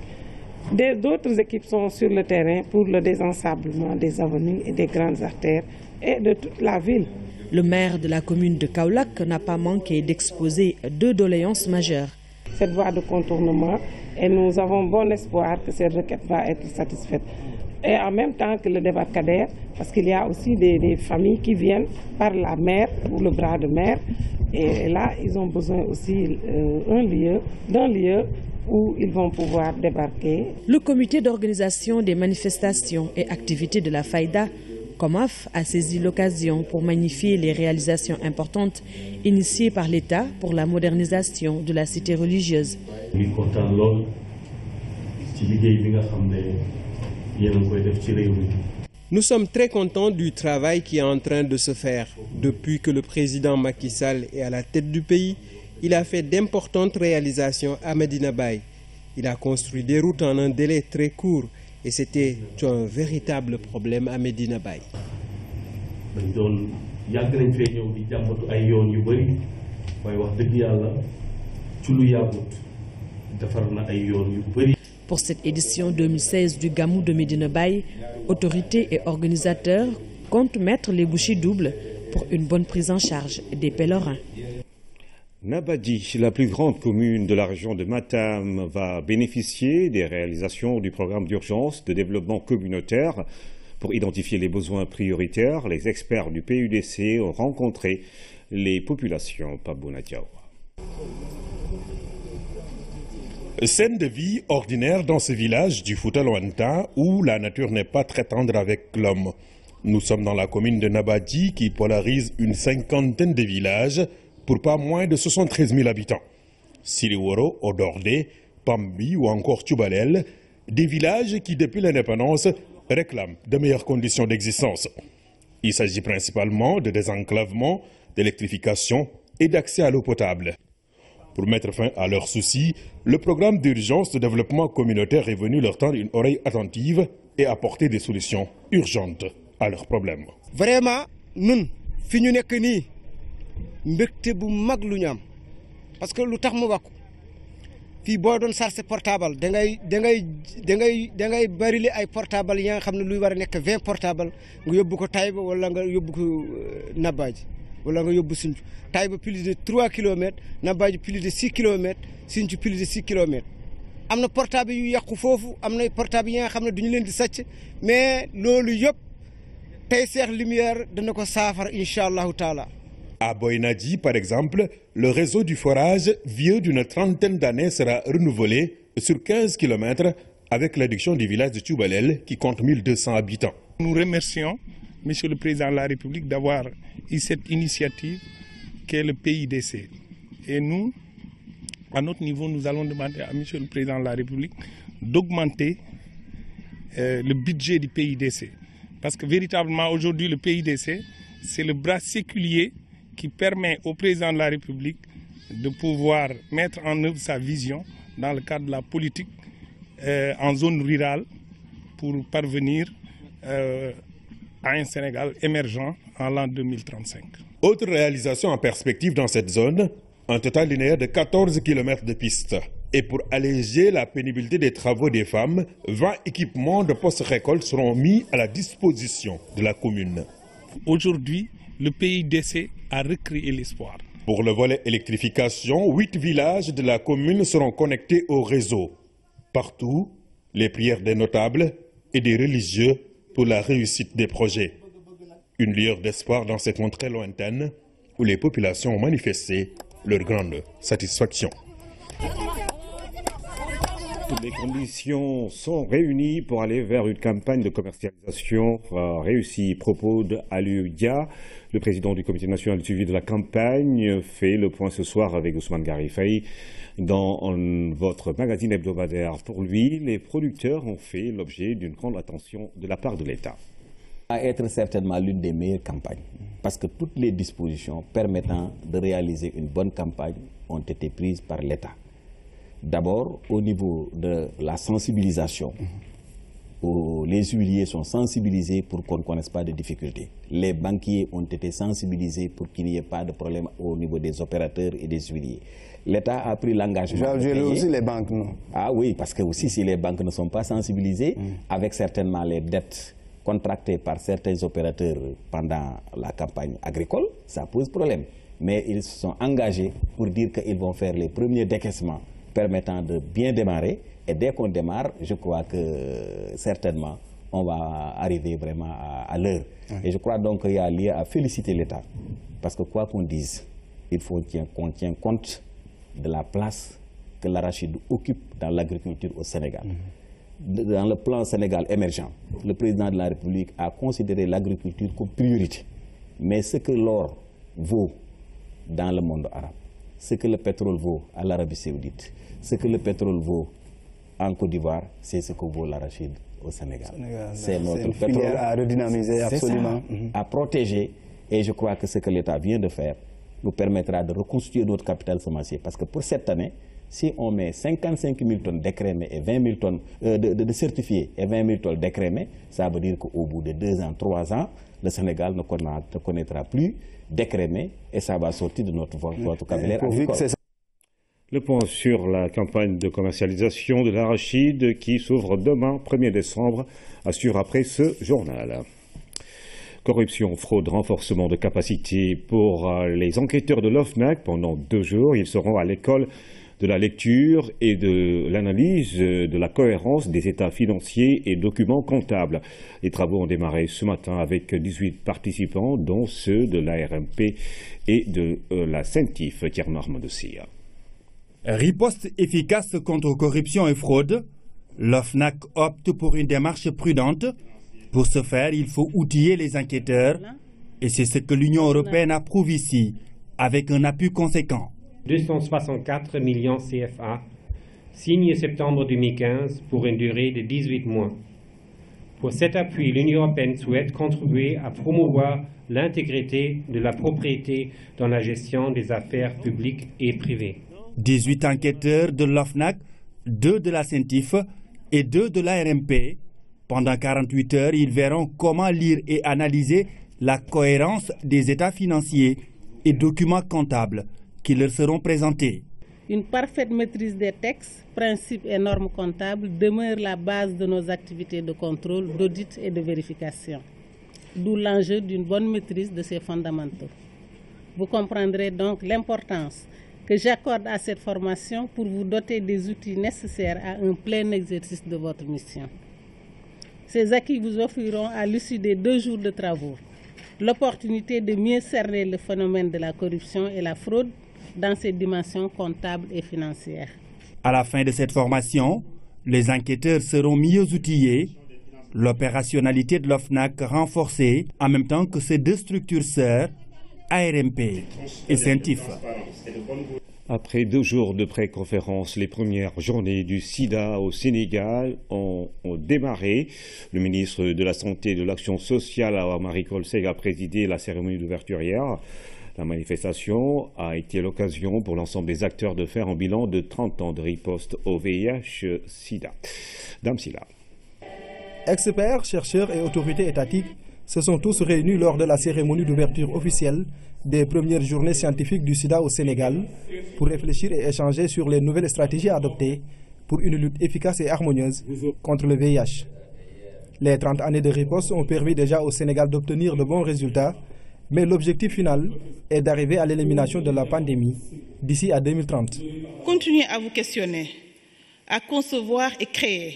D'autres équipes sont
sur le terrain pour le désensablement des avenues et des grandes artères et de toute la ville. Le maire de la commune de Kaulak n'a pas manqué d'exposer deux doléances majeures.
Cette voie de contournement et nous avons bon espoir que cette requête va être satisfaite et en même temps que le débarcadère, parce qu'il y a aussi des, familles qui viennent par la mer ou le bras de mer. Et là, ils ont besoin aussi euh, lieu, d'un lieu où ils vont pouvoir débarquer.
Le comité d'organisation des manifestations et activités de la FAIDA, COMAF, a saisi l'occasion pour magnifier les réalisations importantes initiées par l'État pour la modernisation de la cité religieuse.
Nous sommes très contents du travail qui est en train de se faire. Depuis que le président Macky Sall est à la tête du pays, il a fait d'importantes réalisations à Medina Bay. Il a construit des routes en un délai très court et c'était un véritable problème à Medina Bay.
Pour cette édition 2016 du Gamou de Medina autorités et organisateurs comptent mettre les bouchées doubles pour une bonne prise en charge des pèlerins.
Nabadi, la plus grande commune de la région de Matam, va bénéficier des réalisations du programme d'urgence de développement communautaire. Pour identifier les besoins prioritaires, les experts du PUDC ont rencontré les populations pabonadiawa. Scène de vie ordinaire dans ce village du Fouta
où la nature n'est pas très tendre avec l'homme. Nous sommes dans la commune de Nabadi qui polarise une cinquantaine de villages pour pas moins de 73 000 habitants. Siliworo, Odordé, Pambi ou encore Tubalel, des villages qui depuis l'indépendance réclament de meilleures conditions d'existence. Il s'agit principalement de désenclavement, d'électrification et d'accès à l'eau potable. Pour mettre fin à leurs soucis, le programme d'urgence de développement communautaire est venu leur tendre une oreille attentive et apporter des solutions urgentes à leurs problèmes. Vraiment, nous, nous
sommes ni nous sommes bu parce que nous tax mu wàkku fii boo doon portable da ngay da ngay da ngay da ngay bërile ay portable yi nga un luy a vingt portable nga ko Taïba wala nga wala nga yóbbu ba plus de 3 kilomètres Nambadji plus de 6 km, Sinthiou plus de 6 km. am na portable yu yàqu foofu am na portable yi nga xam ne duñu leen di sàcc mais loolu yëpp tey Cheikh Lumière dana ko saafara
incha allahu taala. À Boinadji, par exemple, le réseau du forage, vieux d'une trentaine d'années, sera renouvelé sur 15 km avec l'adduction du village de Tchoubalel qui compte 1200 habitants.
Nous remercions Monsieur le Président de la République, d'avoir eu cette initiative qu'est le PIDC. Et nous, à notre niveau, nous allons demander à Monsieur le Président de la République d'augmenter euh, le budget du PIDC. Parce que véritablement, aujourd'hui, le PIDC, c'est le bras séculier qui permet au Président de la République de pouvoir mettre en œuvre sa vision dans le cadre de la politique euh, en zone rurale pour parvenir à... Euh, à un Sénégal émergent en l'an 2035.
Autre réalisation en perspective dans cette zone, un total linéaire de 14 km de pistes. Et pour alléger la pénibilité des travaux des femmes, 20 équipements de post-récolte seront mis à la disposition de la commune. Aujourd'hui, le PIDC a recréé l'espoir. Pour le volet électrification, huit villages de la commune seront connectés au réseau. Partout, les prières des notables et des religieux pour la réussite des projets. Une lueur d'espoir dans cette très lointaine où les populations ont manifesté leur grande satisfaction.
les conditions sont réunies pour aller vers une campagne de commercialisation euh, réussie, propos de Dia. Le président du comité national de suivi de la campagne fait le point ce soir avec Ousmane Garifay. Dans votre magazine hebdomadaire pour lui, les producteurs ont fait l'objet d'une grande attention de la part de l'État. À être certainement l'une des meilleures campagnes, parce
que toutes les dispositions permettant de réaliser une bonne campagne ont été prises par l'État. D'abord, au niveau de la sensibilisation, où les huiliers sont sensibilisés pour qu'on ne connaisse pas de difficultés. Les banquiers ont été sensibilisés pour qu'il n'y ait pas de problème au niveau des opérateurs et des huiliers l'État a pris l'engagement. lu aussi les banques, non Ah oui, parce que aussi si les banques ne sont pas sensibilisées, mm. avec certainement les dettes contractées par certains opérateurs pendant la campagne agricole, ça pose problème. Mais ils se sont engagés pour dire qu'ils vont faire les premiers décaissements permettant de bien démarrer. Et dès qu'on démarre, je crois que euh, certainement, on va arriver vraiment à, l'heure. Et je crois donc qu'il y a lieu à féliciter l'État. Parce que quoi qu'on dise, il faut qu'on tienne compte de la place que l'arachide occupe dans l'agriculture au Sénégal. Dans le plan Sénégal émergent, le président de la République a considéré l'agriculture comme priorité. Mais ce que l'or vaut dans le monde arabe, ce que le pétrole vaut à l'Arabie saoudite, ce que le pétrole vaut en Côte d'Ivoire, c'est ce que vaut l'arachide au Sénégal. C'est notre pétrole. à redynamiser absolument. à protéger. Et je crois que ce que l'État vient de faire, nous permettra de reconstituer notre capital financier Parce que pour cette année, si on met 55 000 tonnes décrémées et 20 tonnes euh, de, certifiés et 20 000 tonnes décrémées, ça veut dire qu'au bout de deux ans, trois ans, le Sénégal ne connaîtra, plus
décrémé, et ça va sortir de notre, votre le point sur la campagne de commercialisation de l'arachide qui s'ouvre demain, 1er décembre, assure après ce journal. Corruption, fraude, renforcement de capacité pour euh, les enquêteurs de l'OFNAC. Pendant deux jours, ils seront à l'école de la lecture et de l'analyse euh, de la cohérence des états financiers et documents comptables. Les travaux ont démarré ce matin avec 18 participants, dont ceux de l'ARMP et de euh, la CENTIF, Tiernorme de Sire. Riposte efficace contre corruption et fraude, l'OFNAC opte pour une démarche
prudente pour ce faire, il faut outiller les enquêteurs et c'est ce que l'Union européenne approuve ici, avec un appui conséquent. 264 millions
CFA, signés septembre 2015 pour une durée de 18 mois.
Pour cet appui, l'Union européenne souhaite contribuer à promouvoir l'intégrité
de la propriété dans la gestion des affaires publiques et privées. 18 enquêteurs de l'OFNAC, 2 de la CENTIF et 2 de l'ARMP pendant 48 heures, ils verront comment lire et analyser la cohérence des états financiers et documents comptables qui leur seront présentés.
Une parfaite maîtrise des textes, principes et normes comptables demeure la base de nos activités de contrôle, d'audit et de vérification. D'où l'enjeu d'une bonne maîtrise de ces fondamentaux. Vous comprendrez donc l'importance que j'accorde à cette formation pour vous doter des outils nécessaires à un plein exercice de votre mission. Ces acquis vous offriront à l'issue des deux jours de travaux l'opportunité de mieux cerner le phénomène de la corruption et la fraude dans ses dimensions comptables et financières.
À la fin de cette formation, les enquêteurs seront mieux outillés, l'opérationnalité de l'OFNAC renforcée, en même temps que ces deux structures sœurs, ARMP et Centif.
Après deux jours de pré-conférence, les premières journées du sida au Sénégal ont, démarré. Le ministre de la Santé et de l'Action sociale, Marie Colseg, a présidé la cérémonie d'ouverture hier. La manifestation a été l'occasion pour l'ensemble des acteurs de faire un bilan de 30 ans de riposte au VIH-Sida. Dame Silla.
Experts, chercheurs et autorités étatiques se sont tous réunis lors de la cérémonie d'ouverture officielle des premières journées scientifiques du sida au Sénégal pour réfléchir et échanger sur les nouvelles stratégies adoptées pour une lutte efficace et harmonieuse contre le VIH. Les 30 années de riposte ont permis déjà au Sénégal d'obtenir de bons résultats, mais l'objectif final est d'arriver à l'élimination de la pandémie d'ici à 2030.
Continuez à vous questionner, à concevoir et créer.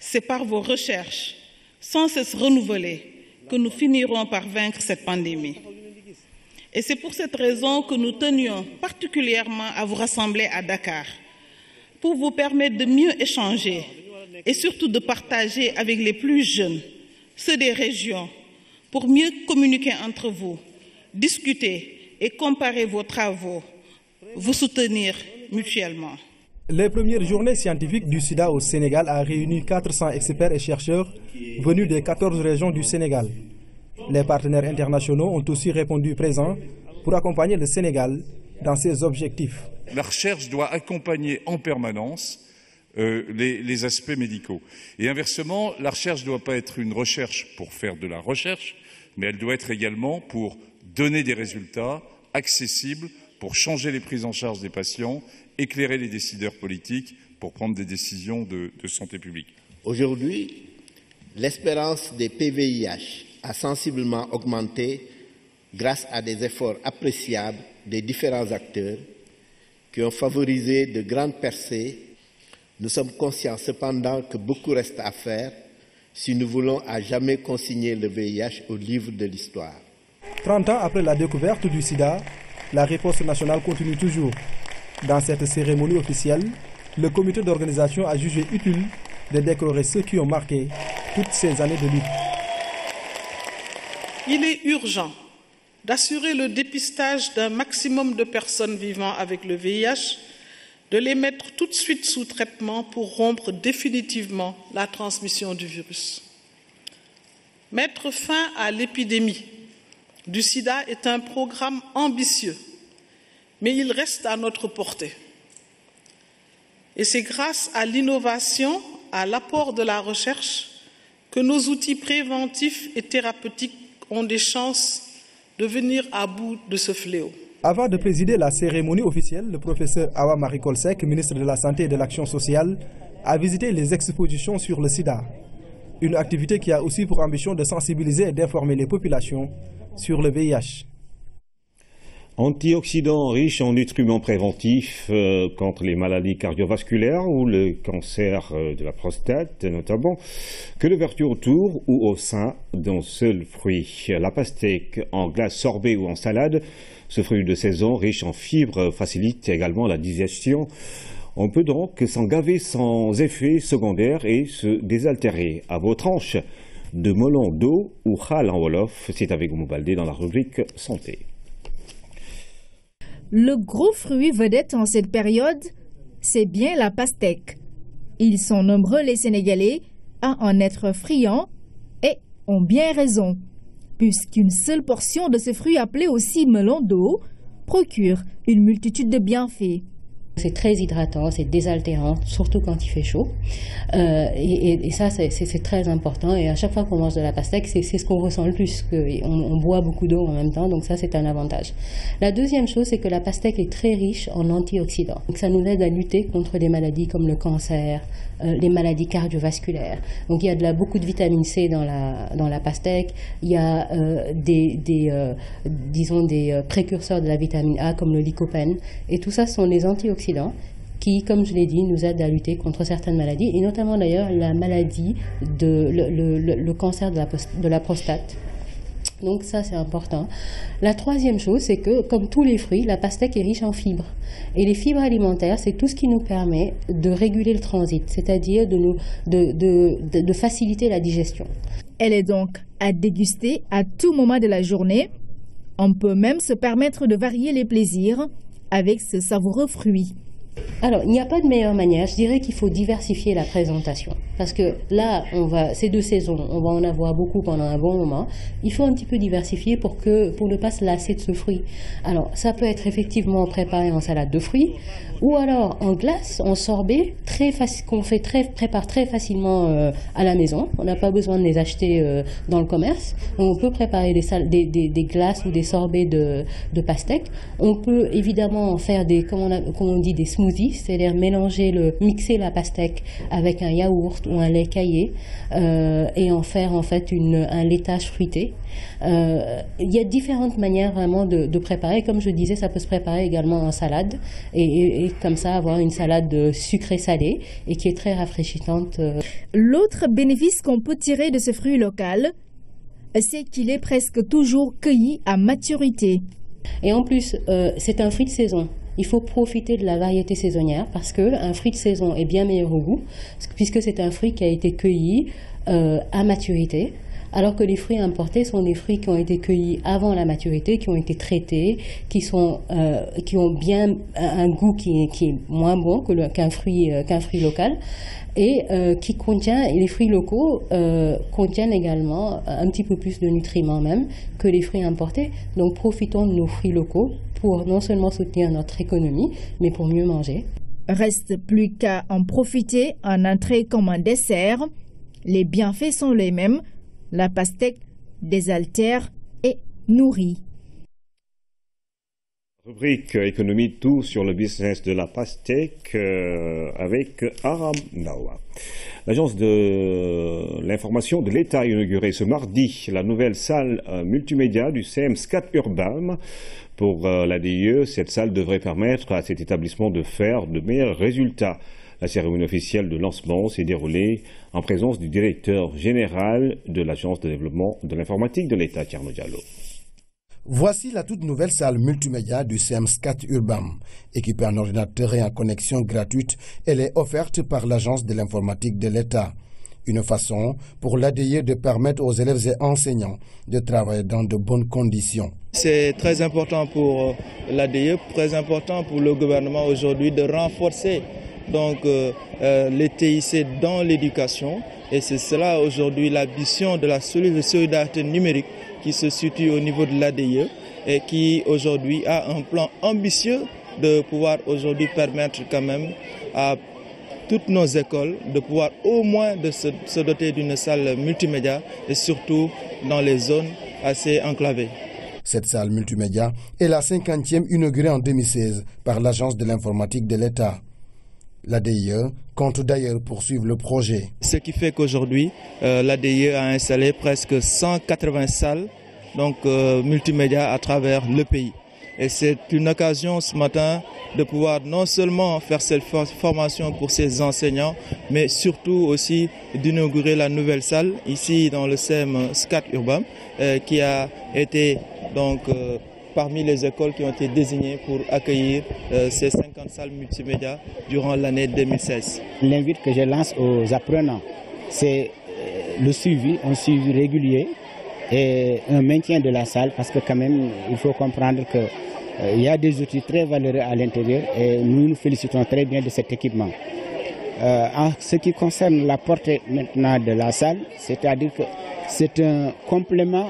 C'est par vos recherches, sans cesse renouvelées, que nous finirons par vaincre cette pandémie. Et c'est pour cette raison que nous tenions particulièrement à vous rassembler à Dakar, pour vous permettre de mieux échanger et surtout de partager avec
les plus jeunes, ceux des régions, pour mieux communiquer entre vous, discuter et comparer vos travaux, vous soutenir mutuellement.
Les premières journées scientifiques du sida au Sénégal a réuni 400 experts et chercheurs venus des 14 régions du Sénégal. Les partenaires internationaux ont aussi répondu présents pour accompagner le Sénégal dans ses objectifs.
La recherche doit
accompagner en permanence euh, les, aspects médicaux. Et inversement, la
recherche ne doit pas être une recherche pour faire de la recherche, mais elle doit être également pour donner des résultats accessibles, pour changer les prises en charge des patients, éclairer les décideurs politiques pour prendre des décisions de, de santé publique. Aujourd'hui,
l'espérance des PVIH a sensiblement augmenté grâce à des efforts appréciables des différents acteurs qui ont favorisé de grandes percées. Nous sommes conscients cependant que beaucoup reste à faire si nous voulons à jamais consigner le VIH au livre de l'histoire. 30 ans après
la découverte du sida, la réponse nationale continue toujours. Dans cette cérémonie officielle, le comité d'organisation a jugé utile de décorer ceux qui ont marqué toutes ces années de lutte
il est urgent
d'assurer le dépistage d'un maximum de personnes vivant avec le VIH, de les mettre tout de suite sous traitement pour rompre définitivement la transmission du virus. Mettre fin à l'épidémie du sida est un programme ambitieux, mais il reste à notre portée. Et c'est grâce à l'innovation, à l'apport de la recherche, que nos outils préventifs et thérapeutiques ont des chances de venir
à bout de ce fléau. Avant de présider la cérémonie officielle, le professeur Awa Marie Kolsek, ministre de la Santé et de l'Action sociale, a visité les expositions sur le sida. Une activité qui a aussi pour ambition de sensibiliser et d'informer les populations sur le VIH.
Antioxydants riches en nutriments préventifs euh, contre les maladies cardiovasculaires ou le cancer euh, de la prostate notamment, que l'ouverture autour ou au sein d'un seul fruit. La pastèque en glace sorbet ou en salade, ce fruit de saison riche en fibres facilite également la digestion. On peut donc s'en gaver sans effet secondaire et se désaltérer. À vos tranches de melon d'eau ou hal en wolof, c'est avec Moubaldé dans la rubrique santé.
Le gros fruit vedette en cette période, c'est bien la pastèque. Ils sont nombreux les Sénégalais à en être friands et ont bien raison, puisqu'une seule portion de ce fruit appelé aussi melon d'eau procure une multitude de bienfaits. C'est très
hydratant, c'est désaltérant, surtout quand il fait chaud. Euh, et, ça, c'est très important. Et à chaque fois qu'on mange de la pastèque, c'est ce qu'on ressent le plus. Que on, boit beaucoup d'eau en même temps, donc ça, c'est un avantage. La deuxième chose, c'est que la pastèque est très riche en antioxydants. Donc ça nous aide à lutter contre des maladies comme le cancer, euh, les maladies cardiovasculaires. Donc il y a beaucoup de vitamine C dans la, pastèque. Il y a euh, des, disons, des précurseurs de la vitamine A comme le lycopène. Et tout ça, ce sont les antioxydants qui, comme je l'ai dit, nous aide à lutter contre certaines maladies, et notamment d'ailleurs la maladie de le, le cancer de la, de la, prostate. Donc ça, c'est important. La troisième chose, c'est que, comme tous les fruits, la pastèque est riche en fibres. Et les fibres alimentaires, c'est tout ce
qui nous permet de réguler le transit, c'est-à-dire de, de, de, de faciliter la digestion. Elle est donc à déguster à tout moment de la journée. On peut même se permettre de varier les plaisirs avec ce savoureux fruit alors, il n'y a pas de meilleure manière. Je dirais qu'il faut diversifier la présentation. Parce que là, on va, ces
deux saisons, on va en avoir beaucoup pendant un bon moment. Il faut un petit peu diversifier pour, que, pour ne pas se lasser de ce fruit. Alors, ça peut être effectivement préparé en salade de fruits, ou alors en glace, en sorbet, qu'on fait très, prépare très facilement euh, à la maison. On n'a pas besoin de les acheter euh, dans le commerce. on peut préparer des, des, glaces ou des sorbets de, pastèques. On peut évidemment en faire des, on dit, des smoothies c'est-à-dire mélanger le, mixer la pastèque avec un yaourt ou un lait caillé euh, et en faire en fait un laitage fruité. Euh, il y a différentes manières vraiment de, préparer. Comme je disais, ça peut se préparer également en salade et, comme ça avoir une
salade sucrée-salée et qui est très rafraîchissante. Euh. L'autre bénéfice qu'on peut tirer de ce fruit local, c'est qu'il est presque toujours cueilli à maturité. Et en plus, c'est un fruit de saison il faut profiter de la variété saisonnière
parce qu'un fruit de saison est bien meilleur au goût, puisque c'est un fruit qui a été cueilli euh, à maturité alors que les fruits importés sont des fruits qui ont été cueillis avant la maturité, qui ont été traités, qui, sont, euh, qui ont bien un goût qui est, moins bon qu'un fruit, euh, fruit local, et euh, qui contient, les fruits locaux contiennent également un petit peu plus de nutriments même que les fruits importés. Donc profitons
de nos fruits locaux pour non seulement soutenir notre économie, mais pour mieux manger. Reste plus qu'à en profiter en entrée comme un dessert. Les bienfaits sont les mêmes la pastèque désaltère et nourrit.
Rubrique économie, tout sur le business de la pastèque euh, avec Aram Nawa. L'agence de l'information de l'État a inauguré ce mardi la nouvelle salle euh, multimédia du CM4 Urbam. Pour euh, la DIE, cette salle devrait permettre à cet établissement de faire de meilleurs résultats. La cérémonie officielle de lancement s'est déroulée en présence du directeur général de l'Agence de développement de l'informatique de l'État, Tierno Diallo.
Voici la toute nouvelle salle multimédia du CM4 Urbam. Équipée en ordinateur et en connexion gratuite, elle est offerte par l'Agence de l'informatique de l'État. Une façon pour l'ADIE de permettre aux élèves et enseignants de travailler dans de bonnes conditions.
C'est très important pour euh, l'ADIE, très important pour le gouvernement aujourd'hui de renforcer donc euh, euh, les TIC dans l'éducation. Et c'est cela aujourd'hui la mission de la solidarité numérique qui se situe au niveau de l'ADIE et qui aujourd'hui a un plan ambitieux de pouvoir aujourd'hui permettre quand même à toutes nos écoles de pouvoir au moins de se, doter d'une salle multimédia et surtout dans les zones assez enclavées.
Cette salle multimédia est la 50e inaugurée en 2016 par l'Agence de l'informatique de l'État. La DIE compte d'ailleurs poursuivre le projet.
Ce qui fait qu'aujourd'hui, euh, la DIE a installé presque 180 salles donc, euh, multimédia à travers le pays. Et c'est une occasion ce matin de pouvoir non seulement faire cette formation pour ces enseignants, mais surtout aussi d'inaugurer la nouvelle salle ici dans le CEM SCAT Urbain, euh, qui a été donc parmi les écoles qui ont été désignées pour accueillir euh, ces 50 salles multimédia durant l'année 2016. L'invite que je lance aux apprenants, c'est
euh, le
suivi, un suivi régulier et un maintien de la salle parce que quand même, il faut comprendre que euh, il y a des outils très valeureux à l'intérieur et nous nous félicitons très bien de cet équipement. en ce qui concerne la portée maintenant de la salle, c'est-à-dire que c'est un complément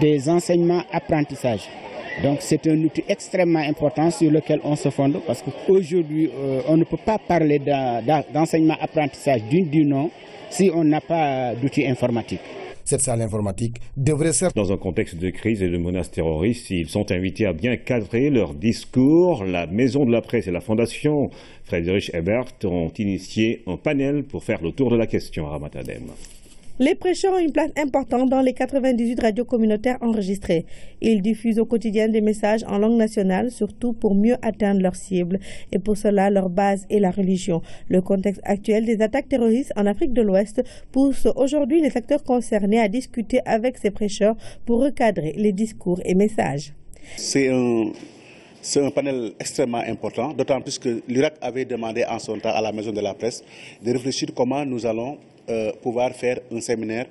des enseignements apprentissages. Donc c'est un outil extrêmement important sur lequel on se fonde parce qu'aujourd'hui, euh, on ne peut pas parler d'enseignement-apprentissage d'une du nom si on n'a pas d'outils
informatiques cette salle informatique
devrait servir. Dans un contexte de crise et de menace terroriste, ils sont invités à bien cadrer leur discours. La Maison de la Presse et la Fondation Friedrich Ebert ont initié un panel pour faire le tour de la question à Ramatadem.
Les prêcheurs ont une place importante dans les 98 radios communautaires enregistrées. Ils diffusent au quotidien des messages en langue nationale, surtout pour mieux atteindre leurs cibles. Et pour cela, leur base est la religion. Le contexte actuel des attaques terroristes en Afrique de l'Ouest pousse aujourd'hui les acteurs concernés à discuter avec ces prêcheurs pour recadrer les discours et messages.
C'est un c'est un panel extrêmement important, d'autant plus que l'Irak avait demandé
en son temps à la Maison de la Presse de réfléchir comment nous allons euh, pouvoir faire un séminaire